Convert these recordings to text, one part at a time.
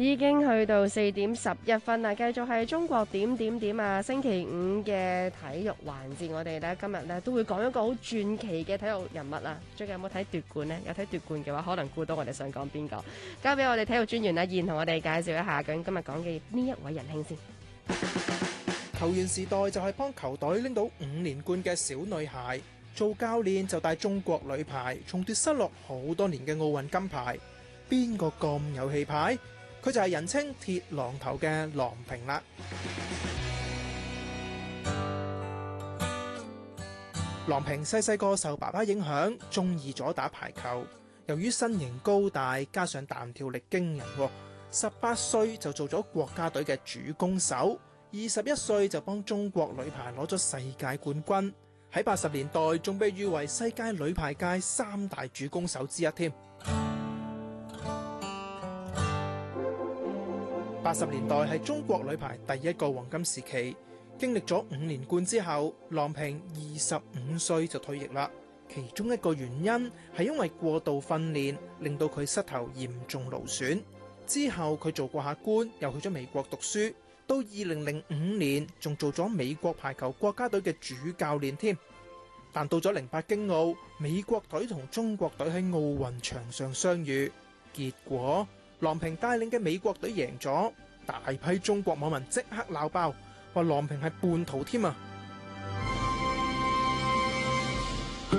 已經去到四點十一分啦，繼續係中國點點點啊！星期五嘅體育環節，我哋咧今日咧都會講一個好傳奇嘅體育人物啊。最近有冇睇奪冠咧？有睇奪冠嘅話，可能估到我哋想講邊個？交俾我哋體育專員阿燕同我哋介紹一下，究竟今日講嘅呢一位仁兄先？球員時代就係幫球隊拎到五連冠嘅小女孩，做教練就帶中國女排重奪失落好多年嘅奧運金牌，邊個咁有氣派？佢就係人稱鐵榔頭嘅郎平啦。郎平細細個受爸爸影響，鍾意咗打排球。由於身形高大，加上彈跳力驚人，十八歲就做咗國家隊嘅主攻手。二十一歲就幫中國女排攞咗世界冠軍。喺八十年代，仲被譽為世界女排界三大主攻手之一添。八十年代係中國女排第一個黃金時期，經歷咗五連冠之後，郎平二十五歲就退役啦。其中一個原因係因為過度訓練，令到佢膝頭嚴重勞損。之後佢做過下官，又去咗美國讀書，到二零零五年仲做咗美國排球國家隊嘅主教練添。但到咗零八京奧，美國隊同中國隊喺奧運場上相遇，結果。郎平帶領嘅美國隊贏咗，大批中國網民即刻鬧爆，話郎平係叛徒添啊！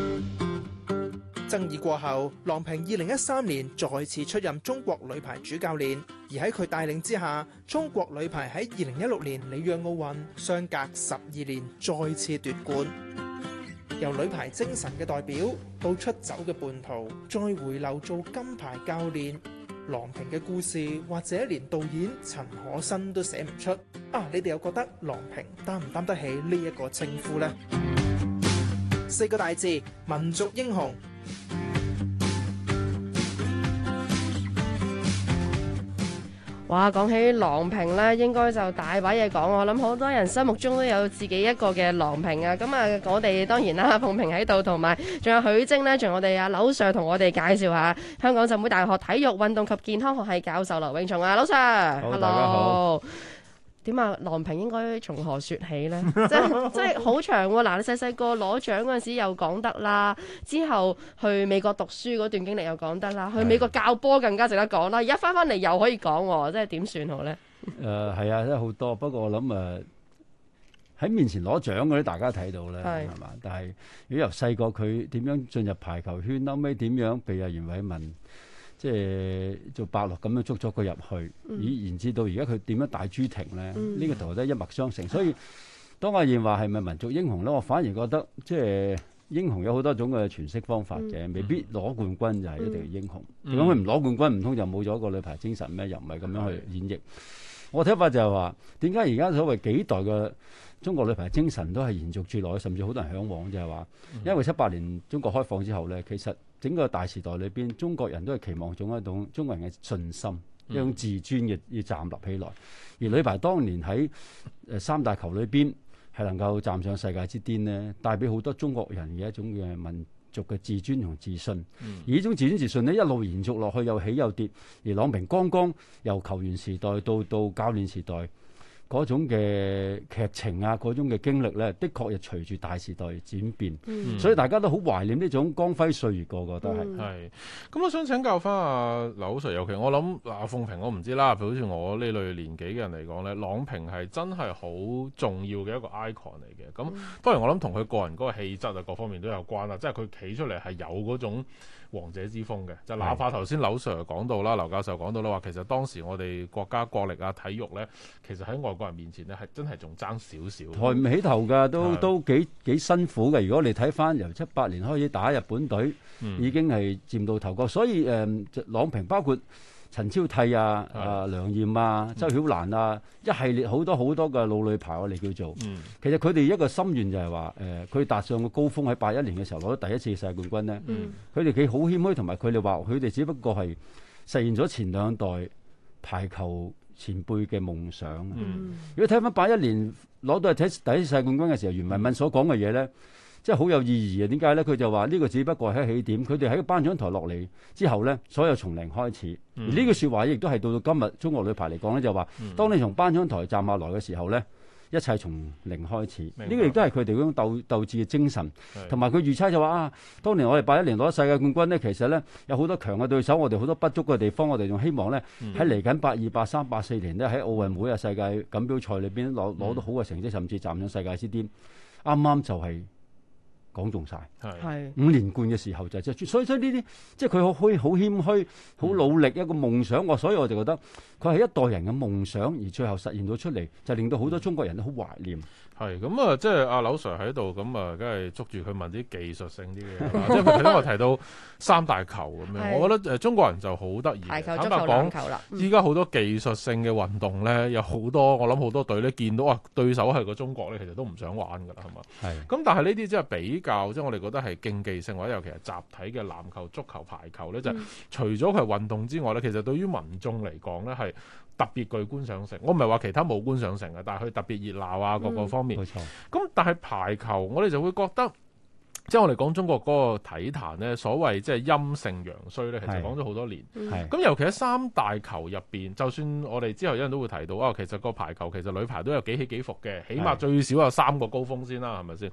爭議過後，郎平二零一三年再次出任中國女排主教練，而喺佢帶領之下，中國女排喺二零一六年里約奧運相隔十二年再次奪冠。由女排精神嘅代表到出走嘅叛徒，再回流做金牌教練。郎平嘅故事，或者連導演陳可辛都寫唔出。啊，你哋又覺得郎平擔唔擔得起呢一個稱呼呢？四個大字，民族英雄。哇，講起郎平咧，應該就大把嘢講。我諗好多人心目中都有自己一個嘅郎平啊。咁啊，我哋當然啦、啊，鳳萍喺度，同埋仲有許晶咧，仲有我哋啊，劉 Sir 同我哋介紹下香港浸會大學體育運動及健康學系教授劉永松啊，劉 Sir，Hello。大家好。點啊，郎平應該從何說起呢？即係好 長喎。嗱，你細細個攞獎嗰陣時又講得啦，之後去美國讀書嗰段經歷又講得啦，的去美國教波更加值得講啦。而家翻翻嚟又可以講、啊，即係點算好呢？誒、呃，係啊，真係好多。不過我諗誒，喺、呃、面前攞獎嗰啲，大家睇到呢，係嘛的。但係如果由細個佢點樣進入排球圈，後尾點樣被阿袁偉民？即係做伯樂咁樣捉咗佢入去，以、嗯、然至到而家佢點樣帶朱婷咧？呢、嗯、個圖都一脈相承。所以當阿燕話係咪民族英雄咧，我反而覺得即係英雄有好多種嘅詮釋方法嘅，嗯、未必攞冠軍就係一定係英雄。咁佢唔攞冠軍，唔通就冇咗個女排精神咩？又唔係咁樣去演繹。我睇法就係話，點解而家所謂幾代嘅中國女排精神都係延續住落去，甚至好多人向往就係、是、話，嗯、因為七八年中國開放之後咧，其實。整個大時代裏邊，中國人都係期望種一種中國人嘅信心，嗯、一種自尊嘅要站立起來。而女排當年喺三大球裏邊係能夠站上世界之巔呢，呢帶俾好多中國人嘅一種嘅民族嘅自尊同自信。嗯、而呢種自尊自信呢，一路延續落去又起又跌。而郎平剛剛由球員時代到到教練時代。嗰種嘅劇情啊，嗰種嘅經歷呢，的確係隨住大時代轉變，嗯、所以大家都好懷念呢種光輝歲月。個個都係係。咁、嗯、我想請教翻阿劉 Sir，尤其我諗阿、啊、郎平，我唔知啦。譬如好似我呢類年紀嘅人嚟講呢，郎平係真係好重要嘅一個 icon 嚟嘅。咁、嗯、當然我諗同佢個人嗰個氣質啊，各方面都有關啦。即係佢企出嚟係有嗰種王者之風嘅。就是、哪怕頭先劉 Sir 講到啦，的劉教授講到啦，話，其實當時我哋國家國力啊、體育呢，其實喺外個人面前咧，係真係仲爭少少，抬唔起頭噶，都的都幾幾辛苦嘅。如果你睇翻由七八年開始打日本隊，嗯、已經係佔到頭角，所以誒，郎、嗯、平包括陳招娣啊、的啊梁艷啊、周曉蘭啊，嗯、一系列好多好多嘅老女排我哋叫做，嗯、其實佢哋一個心願就係話誒，佢、呃、達上個高峰喺八一年嘅時候攞咗第一次世界冠軍咧，佢哋幾好謙虛，同埋佢哋話佢哋只不過係實現咗前兩代排球前輩嘅夢想。嗯、如果睇翻八一年攞到係睇第一世冠軍嘅時候，袁偉民所講嘅嘢咧，真係好有意義啊！點解咧？佢就話呢、呢個只不過係起點，佢哋喺個頒獎台落嚟之後咧，所有從零開始。嗯、而呢句説話亦都係到到今日中國女排嚟講咧，就話、是、當你從頒獎台站下來嘅時候咧。嗯一切從零開始，呢個亦都係佢哋嗰種鬥鬥志嘅精神，同埋佢預測就話啊，當年我哋八一年攞世界冠軍呢，其實呢，有好多強嘅對手，我哋好多不足嘅地方，我哋仲希望呢，喺嚟緊八二、八三、八四年呢，喺奧運會啊、世界錦標賽裏邊攞攞到好嘅成績，嗯、甚至站上世界之巔。啱啱就係、是。講中曬，係係五連冠嘅時候就即係，所以所以呢啲即係佢可以好謙虛、好努力一個夢想，我所以我就覺得佢係一代人嘅夢想，而最後實現到出嚟，就令到好多中國人都好懷念。係咁、嗯嗯、啊，即係阿劉 sir 喺度，咁啊，梗係捉住佢問啲技術性啲嘅，即係譬如我提到三大球咁樣， 我覺得誒中國人就好得意。排是球、足球、籃球啦，依家好多技術性嘅運動咧，嗯、有好多我諗好多隊咧，見到啊，對手係個中國咧，其實都唔想玩㗎啦，係嘛？係是。咁、嗯、但係呢啲即係比較，即、就、係、是、我哋覺得係競技性或者尤其係集體嘅籃球、足球、排球咧，就係、是、除咗係運動之外咧，其實對於民眾嚟講咧係。特別具觀賞性，我唔係話其他冇觀賞性嘅，但係佢特別熱鬧啊，各個方面。冇錯、嗯。咁但係排球，我哋就會覺得。即係我哋講中國嗰個體壇咧，所謂即係陰盛陽衰咧，其實講咗好多年。咁尤其喺三大球入邊，就算我哋之後有人都會提到啊、哦，其實個排球其實女排都有幾起幾伏嘅，起碼最少有三個高峰先啦，係咪先？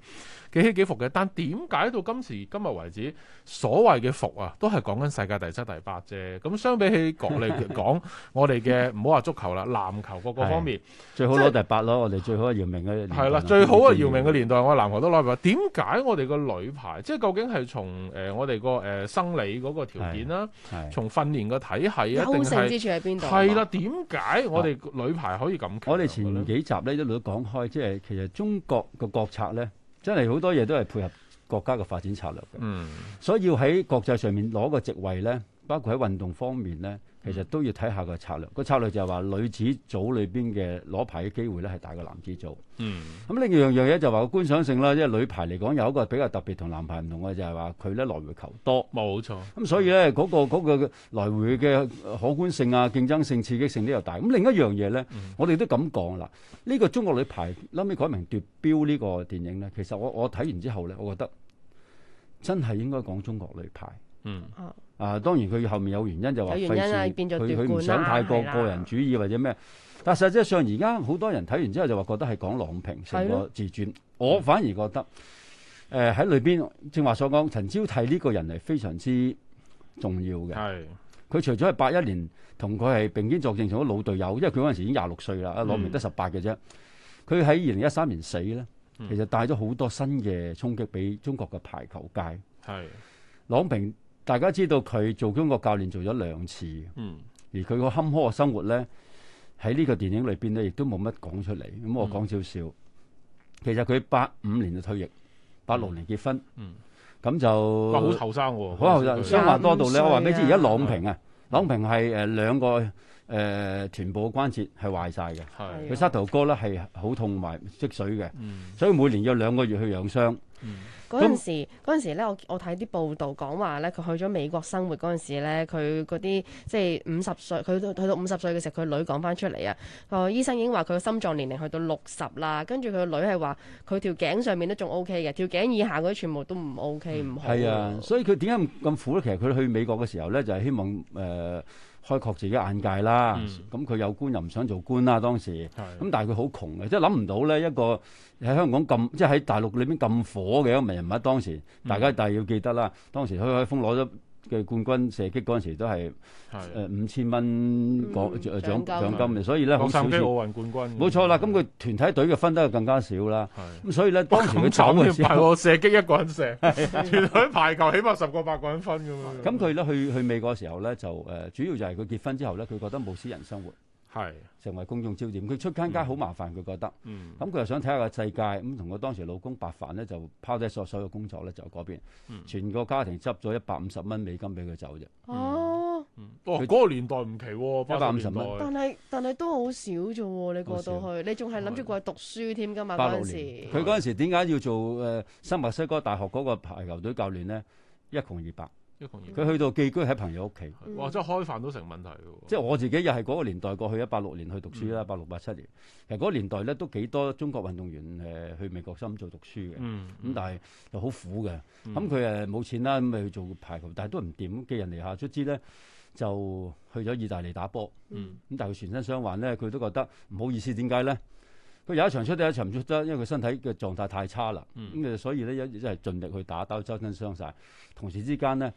幾起幾伏嘅，但點解到今時今日為止，所謂嘅伏啊，都係講緊世界第七、第八啫。咁相比起國內講我哋嘅，唔好話足球啦，籃球各個方面最好攞第八咯。我哋最好姚明嘅係啦，最好啊姚明嘅年代，我籃球都攞第八。點解我哋個女？女排即係究竟係從誒我哋個誒生理嗰個條件啦，從訓練個體系啊，定係好勝之處喺邊度？係啦，點解我哋女排可以咁？我哋前幾集咧一路都講開，即係其實中國個國策咧，真係好多嘢都係配合國家嘅發展策略嘅。嗯，所以要喺國際上面攞個席位咧，包括喺運動方面呢，其實都要睇下個策略。個、嗯、策略就係話女子組裏邊嘅攞牌嘅機會呢，係大過男子組。嗯，咁另一樣嘢就話個觀賞性啦。因為女排嚟講有一個比較特別，男同男排唔同嘅就係話佢呢，來回球多。冇錯、嗯。咁所以呢，嗰、那個嗰、那個、來回嘅可觀性啊、競爭性、刺激性都有大。咁另一樣嘢呢，嗯、我哋都咁講啦。呢、這個中國女排臨尾改名奪標呢個電影呢，其實我我睇完之後呢，我覺得真係應該講中國女排。嗯。啊，當然佢後面有原因就話、是，原因佢、啊、唔、啊、想太過個人主義或者咩，的但係實際上而家好多人睇完之後就話覺得係講郎平成個自尊。的我反而覺得，誒喺裏邊正話所講，陳招娣呢個人係非常之重要嘅。係的，佢除咗係八一年同佢係並肩作戰，成咗老隊友，因為佢嗰陣時已經廿六歲啦，郎、嗯、平得十八嘅啫。佢喺二零一三年死咧，其實帶咗好多新嘅衝擊俾中國嘅排球界。係的，郎的平。大家知道佢做中國教練做咗兩次，而佢個坎坷嘅生活咧喺呢個電影裏邊咧亦都冇乜講出嚟，咁我講少少。其實佢八五年就退役，八六年結婚，咁就好後生，好後生。話多到咧，我話俾你知而家郎平啊，郎平係誒兩個誒臀部嘅關節係壞晒嘅，佢膝頭哥咧係好痛埋積水嘅，所以每年要兩個月去養傷。嗰陣、嗯、時，嗰陣那時咧，我我睇啲報道講話咧，佢去咗美國生活嗰陣時咧，佢嗰啲即係五十歲，佢到去到五十歲嘅時候，佢女講翻出嚟，啊，哦，醫生已經話佢個心臟年齡去到六十啦，跟住佢個女係話佢條頸上面都仲 O K 嘅，條頸以下嗰啲全部都唔 O K 唔好。係啊、哎，所以佢點解咁苦咧？其實佢去美國嘅時候咧，就係、是、希望誒。呃開闊自己眼界啦，咁佢、嗯、有官又唔想做官啦，當時，咁的但係佢好窮嘅。即係諗唔到咧一個喺香港咁，即係喺大陸裏邊咁火嘅一個名人物，當時，大家但係要記得啦，嗯、當時許海峰攞咗嘅冠軍射擊嗰陣時都係誒五千蚊獎獎金嘅，所以咧好少少。奧運冠軍冇錯啦，咁佢團體隊嘅分得又更加少啦。咁所以咧，當時佢慘嘅先。射擊一個人射，團體排球起碼十個八個人分咁樣。咁佢咧去去美國嘅時候咧，就誒主要就係佢結婚之後咧，佢覺得冇私人生活。係成為公眾焦點，佢出親街好麻煩，佢覺得。嗯。咁佢又想睇下個世界，咁同佢當時老公白帆咧就拋低咗所有工作咧，就嗰邊。全個家庭執咗一百五十蚊美金俾佢走啫。哦。嗯。嗰個年代唔奇喎，一百五十蚊。但係但係都好少啫喎，你過到去，你仲係諗住過去讀書添㗎嘛？八六年。佢嗰陣時點解要做誒新墨西哥大學嗰個排球隊教練咧？一窮二白。佢去到寄居喺朋友屋企，哇、嗯！即係開飯都成問題嘅。即係、嗯、我自己又係嗰個年代過去，一八六年去讀書啦，一八六八七年。其實嗰年代咧都幾多中國運動員誒去美國深造讀書嘅。嗯。嗯。咁但係又好苦嘅。咁佢誒冇錢啦，咁咪去做排球，但係都唔掂。寄人籬下，卒之咧，就去咗意大利打波。嗯。咁但係佢全身傷患咧，佢都覺得唔好意思，點解咧？佢有一場出得，一場唔出得，因為佢身體嘅狀態太差啦。咁啊、嗯，所以咧一直都係盡力去打，但係周身傷晒。同時之間呢，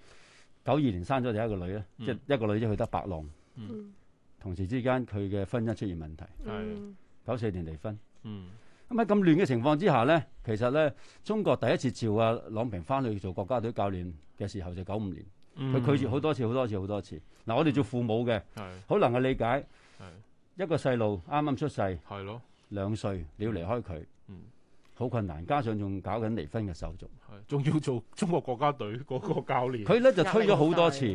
九二年生咗第一個女咧，嗯、即係一個女仔，去得白狼白浪。嗯、同時之間佢嘅婚姻出現問題，九四、嗯、年離婚。咁喺咁亂嘅情況之下呢，其實呢，中國第一次召阿、啊、郎平翻去做國家隊教練嘅時候就九五年，佢拒絕好多次、好多次、好多次。嗱、啊，我哋做父母嘅、嗯是，好能夠理解一個細路啱啱出世。兩歲你要離開佢，好、嗯、困難，加上仲搞緊離婚嘅手續，仲要做中國國家隊嗰個教練。佢咧就推咗好多次，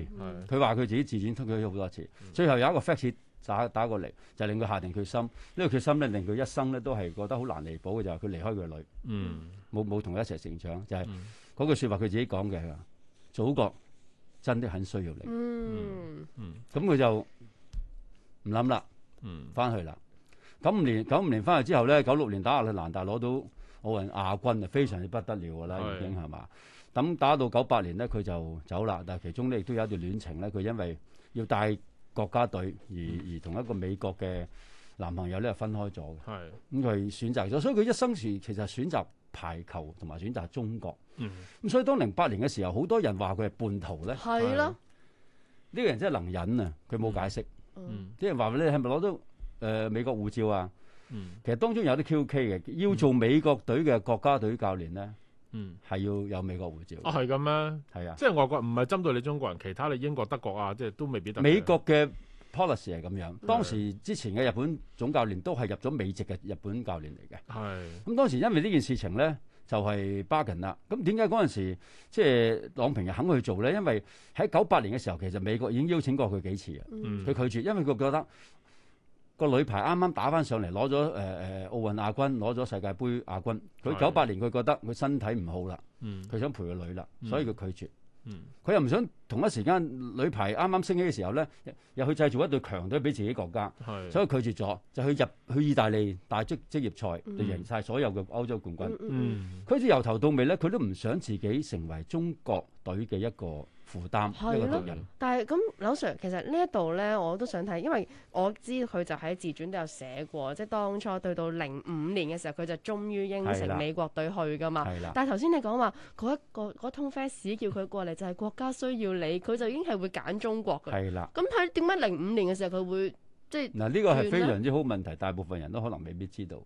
佢話佢自己自尊，推咗好多次。是嗯、最後有一個 fax 打打過嚟，就是、令佢下定決心。呢個決心咧，令佢一生咧都係覺得好難彌補嘅，就係佢離開佢女，冇冇同佢一齊成長，就係、是、嗰句說話佢自己講嘅，祖國真的很需要你。咁佢就唔諗啦，翻去啦。九五年、九五年翻去之後咧，九六年打亞特蘭大攞到奧運亞軍啊，非常之不得了㗎啦，已經係嘛？咁打到九八年咧，佢就走啦。但係其中咧，亦都有一段戀情咧，佢因為要帶國家隊而而同一個美國嘅男朋友咧分開咗嘅。咁佢是的、嗯、選擇咗，所以佢一生時其實選擇排球同埋選擇中國。咁是的 所以當零八年嘅時候，好多人話佢係叛徒咧。係咯是的 的，呢、這個人真係能忍啊！佢冇解釋，啲的、嗯、人話佢咧係咪攞到？誒、呃、美國護照啊，嗯、其實當中有啲 QK 嘅，要做美國隊嘅國家隊教練咧，係、嗯、要有美國護照。哦，係咁啊，係啊，即係外國唔係針對你中國人，其他你英國、德國啊，即係都未必得。美國嘅 policy 係咁樣，當時之前嘅日本總教練都係入咗美籍嘅日本教練嚟嘅。係是。咁、嗯、當時因為呢件事情咧，就係、是、Bargain 啦。咁點解嗰陣時即係郎平又肯去做咧？因為喺九八年嘅時候，其實美國已經邀請過佢幾次嘅，佢拒絕，因為佢覺得。個女排啱啱打翻上嚟，攞咗誒誒奧運亞軍，攞咗世界杯亞軍。佢九八年佢覺得佢身體唔好啦，佢、嗯、想陪個女啦，所以佢拒絕。佢、嗯、又唔想同一時間女排啱啱升起嘅時候呢，又去製造一隊強隊俾自己國家，是的 所以拒絕咗，就去入去意大利打足職業賽，嗯、就贏晒所有嘅歐洲冠軍、軍。佢就、嗯嗯、由頭到尾呢，佢都唔想自己成為中國隊嘅一個。負擔。的但係咁，劉 sir，其實呢一度呢，我都想睇，因為我知佢就喺自傳都有寫過，即係當初對到零五年嘅時候，佢就終於應承美國隊去㗎嘛。的但係頭先你講話嗰一個通 face 叫佢過嚟，就係國家需要你，佢就已經係會揀中國嘅。係啦的，咁佢點解零五年嘅時候佢會即係嗱？呢個係非常之好問題，大部分人都可能未必知道。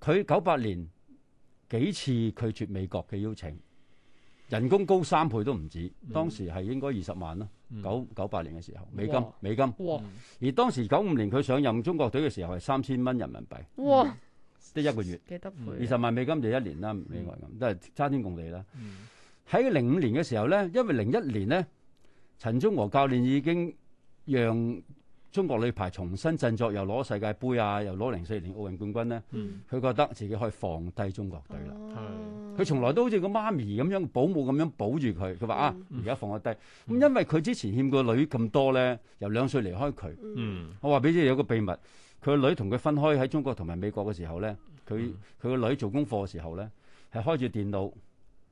佢九八年幾次拒絕美國嘅邀請。人工高三倍都唔止，當時係應該二十萬啦，九九八年嘅時候，美金美金。而當時九五年佢上任中國隊嘅時候係三千蚊人民幣，哇！得一個月，二十萬美金就一年啦，美國咁都係差天共地啦。喺零五年嘅時候呢，因為零一年呢，陳忠和教練已經讓中國女排重新振作，又攞世界盃啊，又攞零四年奧運冠軍呢。佢覺得自己可以放低中國隊啦。佢從來都好似個媽咪咁樣，保姆咁樣保住佢。佢話啊，而家放得低。咁因為佢之前欠個女咁多咧，由兩歲離開佢。嗯、我話俾你知有個秘密，佢個女同佢分開喺中國同埋美國嘅時候咧，佢佢個女做功課嘅時候咧，係開住電腦，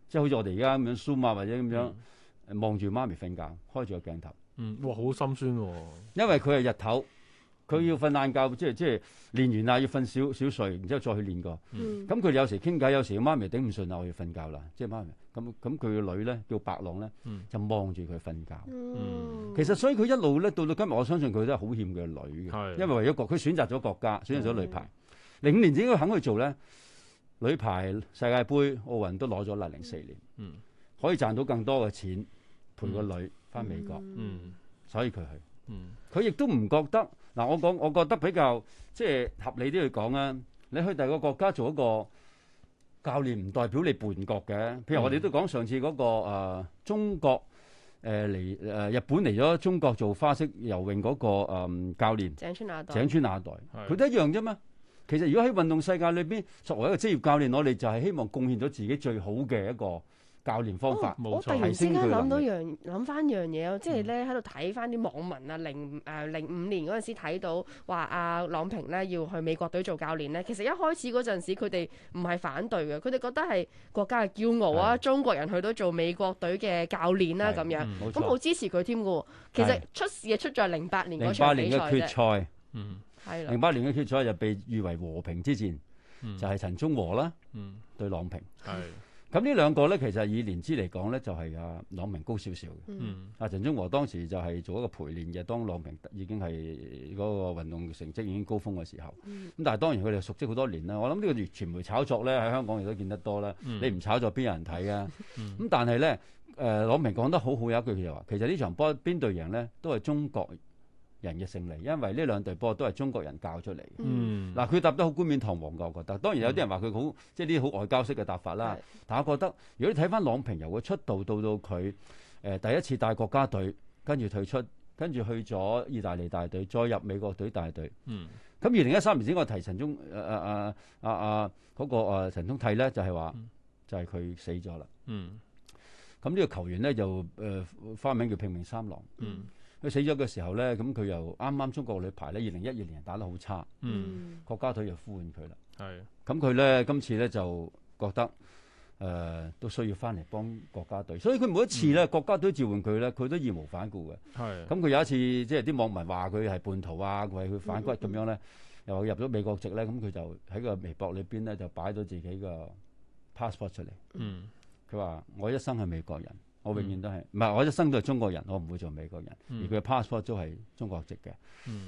即係好似我哋而家咁樣 Zoom 啊，或者咁樣望住、嗯、媽咪瞓覺，開住個鏡頭。嗯、哇，好心酸喎、哦。因為佢係日頭。佢要瞓晏覺，即係即係練完啦，要瞓少少睡，然之後再去練過。咁佢有時傾偈，有時媽咪頂唔順啦，我要瞓覺啦。即係媽咪咁咁，佢個女咧叫白朗咧，就望住佢瞓覺。其實所以佢一路咧到到今日，我相信佢都係好欠佢個女嘅，因為為咗國，佢選擇咗國家，選擇咗女排。零五年已經肯去做咧，女排世界盃、奧運都攞咗啦。零四年可以賺到更多嘅錢，陪個女返美國，所以佢去。佢亦都唔覺得。嗱，我講我覺得比較即係合理啲去講啊，你去第二個國家做一個教練唔代表你叛國嘅。譬如我哋都講上次嗰個誒中國誒嚟誒日本嚟咗中國做花式游泳嗰個誒教練，井村雅代，井村雅代，佢都一樣啫嘛。其實如果喺運動世界裏邊，作為一個職業教練，我哋就係希望貢獻咗自己最好嘅一個教練方法，我突然之間諗到樣，諗翻樣嘢咯，即係咧喺度睇翻啲網民啊，零誒零五年嗰陣時睇到話阿郎平咧要去美國隊做教練咧，其實一開始嗰陣時佢哋唔係反對嘅，佢哋覺得係國家嘅驕傲啊，中國人去到做美國隊嘅教練啦咁樣，咁好支持佢添嘅。其實出事係出在零八年嗰場比賽啫。零八年嘅決賽，嗯，係零八年嘅決賽就被譽為和平之戰，就係陳忠和啦，對郎平。係。咁呢兩個咧，其實以年資嚟講咧，就係、是、阿、啊、郎平高少少嘅。嗯。阿、啊、陳忠和當時就係做一個陪練嘅，當郎平已經係嗰個運動成績已經高峰嘅時候。嗯。咁但係當然佢哋熟悉好多年啦。我諗呢個傳媒炒作咧喺香港亦都見得多啦。嗯、你唔炒作邊有人睇啊？ 嗯。咁、嗯、但係咧，誒、呃、郎平講得好好有一句，佢就話：其實呢場波邊隊贏咧，都係中國人嘅勝利，因為呢兩隊波都係中國人教出嚟。嗯，嗱、啊，佢答得好冠冕堂皇噶，我覺得。當然有啲人話佢好，即係啲好外交式嘅答法啦。嗯、但我覺得，如果你睇翻郎平由佢出道到到佢誒第一次帶國家隊，跟住退出，跟住去咗意大利大隊，再入美國隊大隊。嗯。咁二零一三年先我提陳忠誒誒誒誒嗰個誒、呃、陳忠替咧，就係、是、話、嗯、就係佢死咗啦、嗯嗯。嗯。咁呢個球員咧就誒花名叫拼命三郎。嗯。嗯嗯佢死咗嘅時候咧，咁佢又啱啱中國女排咧，二零一二年打得好差，嗯、國家隊就呼喚佢啦。係的，咁佢咧今次咧就覺得誒、呃、都需要翻嚟幫國家隊，所以佢每一次咧、嗯、國家隊召喚佢咧，佢都義無反顧嘅。係的，咁佢有一次即係啲網民話佢係叛徒啊，為佢反骨咁樣咧，又話入咗美國籍咧，咁佢就喺個微博裏邊咧就擺咗自己嘅 passport 出嚟。嗯，佢話我一生係美國人。我永遠都係，唔係我一生都係中國人，我唔會做美國人，嗯、而佢 passport 都係中國籍嘅。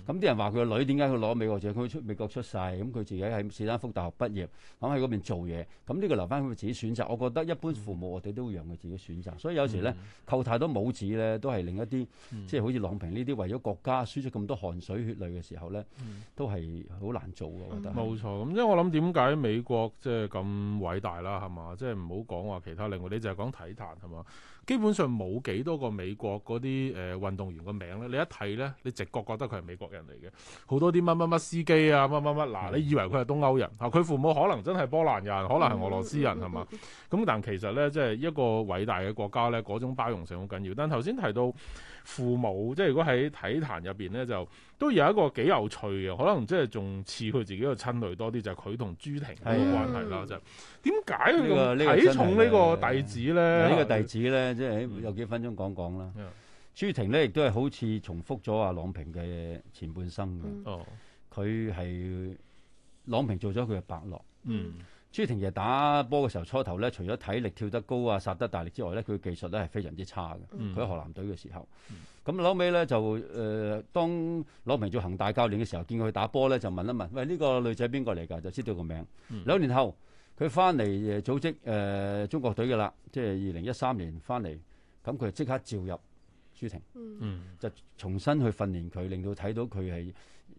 咁啲、嗯、人話佢個女點解佢攞美國籍？佢出美國出世，咁佢自己喺斯坦福大學畢業，咁喺嗰邊做嘢。咁呢個留翻佢自己選擇。我覺得一般父母我哋都會讓佢自己選擇。所以有時咧，扣太多帽子咧，都係另一啲，嗯、即係好似郎平呢啲為咗國家輸出咁多汗水血淚嘅時候咧，嗯、都係好難做我覺得。冇、嗯嗯、錯，咁因為我諗點解美國即係咁偉大啦，係嘛？即係唔好講話其他，另外你就係講體壇係嘛？基本上冇幾多個美國嗰啲誒運動員個名咧，你一睇咧，你直覺覺得佢係美國人嚟嘅。好多啲乜乜乜司機啊，乜乜乜。嗱，你以為佢係東歐人，佢父母可能真係波蘭人，可能係俄羅斯人係嘛？咁但其實咧，即係一個偉大嘅國家咧，嗰種包容性好緊要。但頭先提到。父母即係如果喺體壇入邊咧，就都有一個幾有趣嘅，可能即係仲似佢自己個親類多啲，就係佢同朱婷個關係啦。啊、就點、是、解睇重呢個弟子咧？這個這個、呢、啊啊、個弟子咧，即、就、係、是、有幾分鐘講講啦。啊、朱婷咧，亦都係好似重複咗阿郎平嘅前半生嘅。哦、嗯，佢係郎平做咗佢嘅伯樂。嗯。朱婷嘅打波嘅時候初頭咧，除咗體力跳得高啊、殺得大力之外咧，佢技術咧係非常之差嘅。佢喺河南隊嘅時候，咁後尾咧就誒、呃、當郎平做恒大教練嘅時候，見佢打波咧，就問一問，喂，呢、呢個女仔邊個嚟㗎？就知道個名。嗯、兩年後佢翻嚟組織誒、呃、中國隊嘅啦，即係二零一三年翻嚟，咁佢就即刻召入朱婷，嗯，嗯就重新去訓練佢，令到睇到佢係。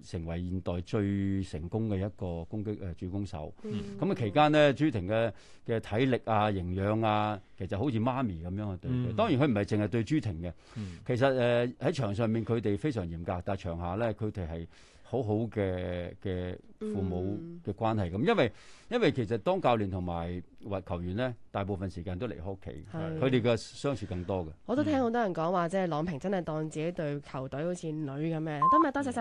成為現代最成功嘅一個攻擊誒、呃、主攻手。咁啊、嗯，嗯、期間咧，朱婷嘅嘅體力啊、營養啊，其實好似媽咪咁樣去對佢。嗯、當然佢唔係淨係對朱婷嘅。嗯、其實誒喺、呃、場上面佢哋非常嚴格，但係場下咧佢哋係好好嘅嘅父母嘅關係咁。嗯、因為因為其實當教練同埋或球員咧，大部分時間都離開屋企，佢哋嘅相處更多嘅。我都聽好多人講話即係郎平真係當自己對球隊好似女咁樣。嗯嗯、多謝多謝。